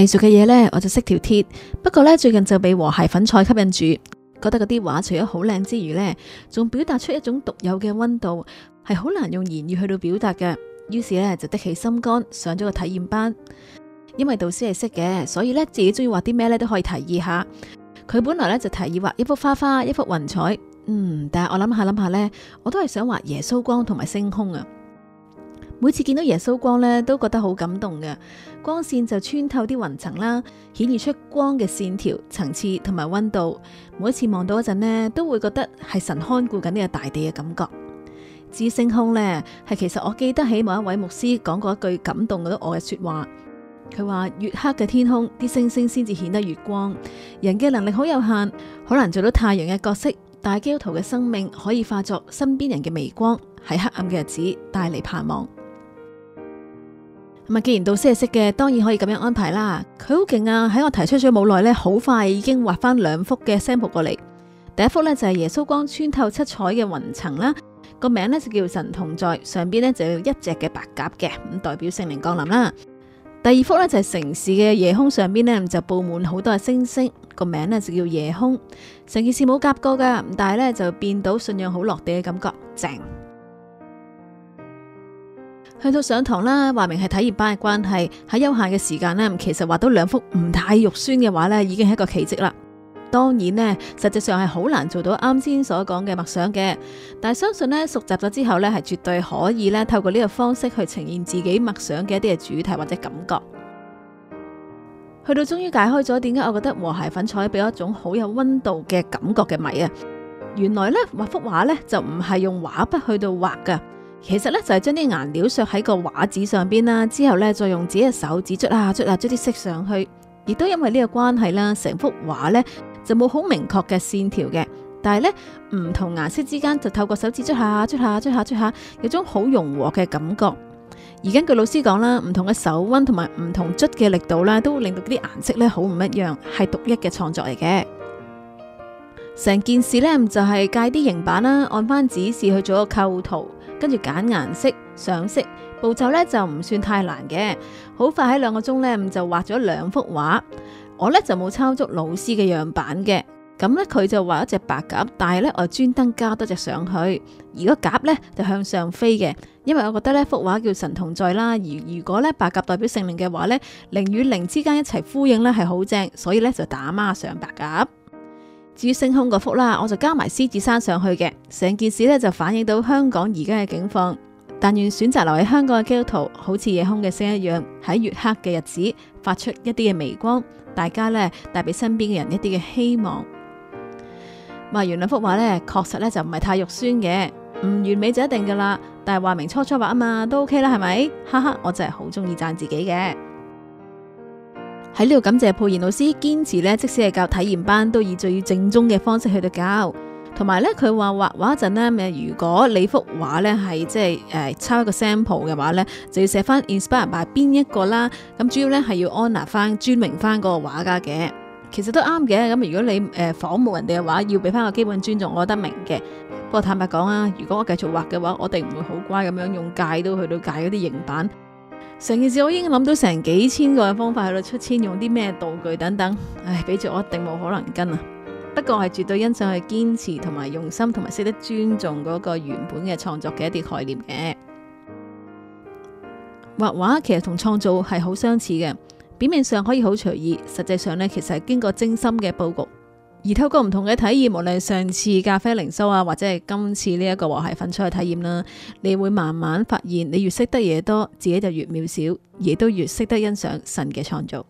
藝術嘅嘢呢，我就識條鐵。不過呢，最近就被和諧粉彩吸引住，覺得嗰啲畫除咗好靚之餘呢，仲表達出一種獨有嘅溫度，係好難用言語去到表達嘅。於是呢，就得起心肝上咗個體驗班。因為導師係識嘅，所以呢，自己中意畫啲咩呢都可以提議下。佢本來呢就提議畫一幅花花，一幅雲彩。嗯，但係我諗下諗下呢，我都係想畫耶穌光同埋星空啊。每次見到耶穌光咧，都覺得好感動嘅，光線就穿透啲雲層啦，顯現出光嘅線條層次同埋温度。每一次望到嗰陣呢，都會覺得係神看顧緊呢個大地嘅感覺。至於星空呢，係其實我記得起某一位牧師講過一句感動到我嘅說話，佢話越黑嘅天空，啲星星先至顯得越光。人嘅能力好有限，好難做到太陽嘅角色，但基督徒嘅生命可以化作身邊人嘅微光，喺黑暗嘅日子帶嚟盼望。咪既然導師係識嘅，當然可以咁樣安排啦。佢好勁啊，喺我提出咗冇耐呢，好快已經畫翻兩幅嘅 sample 過嚟。第一幅呢，就係耶穌光穿透七彩嘅雲層啦，個名呢，就叫神同在，上邊呢，就有一隻嘅白鴿嘅，咁代表聖靈降臨啦。第二幅呢，就係城市嘅夜空，上邊呢，就布滿好多嘅星星，個名呢，就叫夜空。成件事冇夾過噶，但係呢，就變到信仰好落地嘅感覺，正。去到上堂啦，話明係體驗班嘅關係，喺休閒嘅時間呢，其實畫到兩幅唔太肉酸嘅畫呢已經係一個奇蹟啦。當然呢，實際上係好難做到啱先所講嘅默想嘅，但係相信呢，熟習咗之後呢，係絕對可以呢透過呢個方式去呈現自己默想嘅一啲嘅主題或者感覺。去到終於解開咗，點解我覺得和諧粉彩俾我一種好有溫度嘅感覺嘅米啊？原來呢，畫幅畫呢就唔係用畫筆去到畫噶。其實咧，就係將啲顏料削喺個畫紙上邊啦，之後咧，再用自己嘅手指捽下捽下捽啲色上去，亦都因為呢個關係啦，成幅畫咧就冇好明確嘅線條嘅。但係咧，唔同顏色之間就透過手指捽下捽下捽下捽下，有種好融和嘅感覺。而根據老師講啦，唔同嘅手溫同埋唔同捽嘅力度啦，都會令到啲顏色咧好唔一樣，係獨一嘅創作嚟嘅。成件事咧就係界啲型板啦，按翻指示去做一個構圖。跟住揀顏色上色步驟咧就唔算太難嘅，好快喺兩個鐘咧就畫咗兩幅畫。我咧就冇抄足老師嘅樣板嘅，咁咧佢就畫一隻白鴿，但係咧我專登加多隻上去。而個鴿咧就向上飛嘅，因為我覺得呢幅畫叫神同在啦。而如果咧白鴿代表聖靈嘅話咧，零與零之間一齊呼應咧係好正，所以咧就打孖上白鴿。至於星空嗰幅啦，我就加埋獅子山上去嘅，成件事呢就反映到香港而家嘅境況。但願選擇留喺香港嘅基督徒，好似夜空嘅星一樣，喺月黑嘅日子發出一啲嘅微光，大家呢帶俾身邊嘅人一啲嘅希望。話完兩幅畫呢確實呢就唔係太肉酸嘅，唔完美就一定噶啦。但係話明初初畫啊嘛，都 OK 啦，係咪？哈哈，我真係好中意讚自己嘅。喺呢度感謝蒲賢老師堅持咧，即使係教體驗班都以最正宗嘅方式去到教。同埋咧，佢話畫畫嗰陣咧，如果你幅畫咧係即係誒抄一個 sample 嘅話咧，就要寫翻 inspire by 邊一個啦。咁主要咧係要 honour 翻尊榮翻個畫家嘅。其實都啱嘅。咁如果你誒仿冒人哋嘅畫，要俾翻個基本尊重，我覺得明嘅。不過坦白講啊，如果我繼續畫嘅話，我哋唔會好乖咁樣用界刀去到界嗰啲型版。成件事我已經諗到成幾千個嘅方法喺度出錢用啲咩道具等等，唉，俾住我一定冇可能跟啊！不過我係絕對欣賞佢堅持同埋用心同埋識得尊重嗰個原本嘅創作嘅一啲概念嘅。畫畫其實同創作係好相似嘅，表面上可以好隨意，實際上呢，其實係經過精心嘅布局。而透過唔同嘅體驗，無論上次咖啡零售啊，或者係今次呢一個和諧粉彩嘅體驗啦，你會慢慢發現，你越識得嘢多，自己就越渺小，亦都越識得欣賞神嘅創造。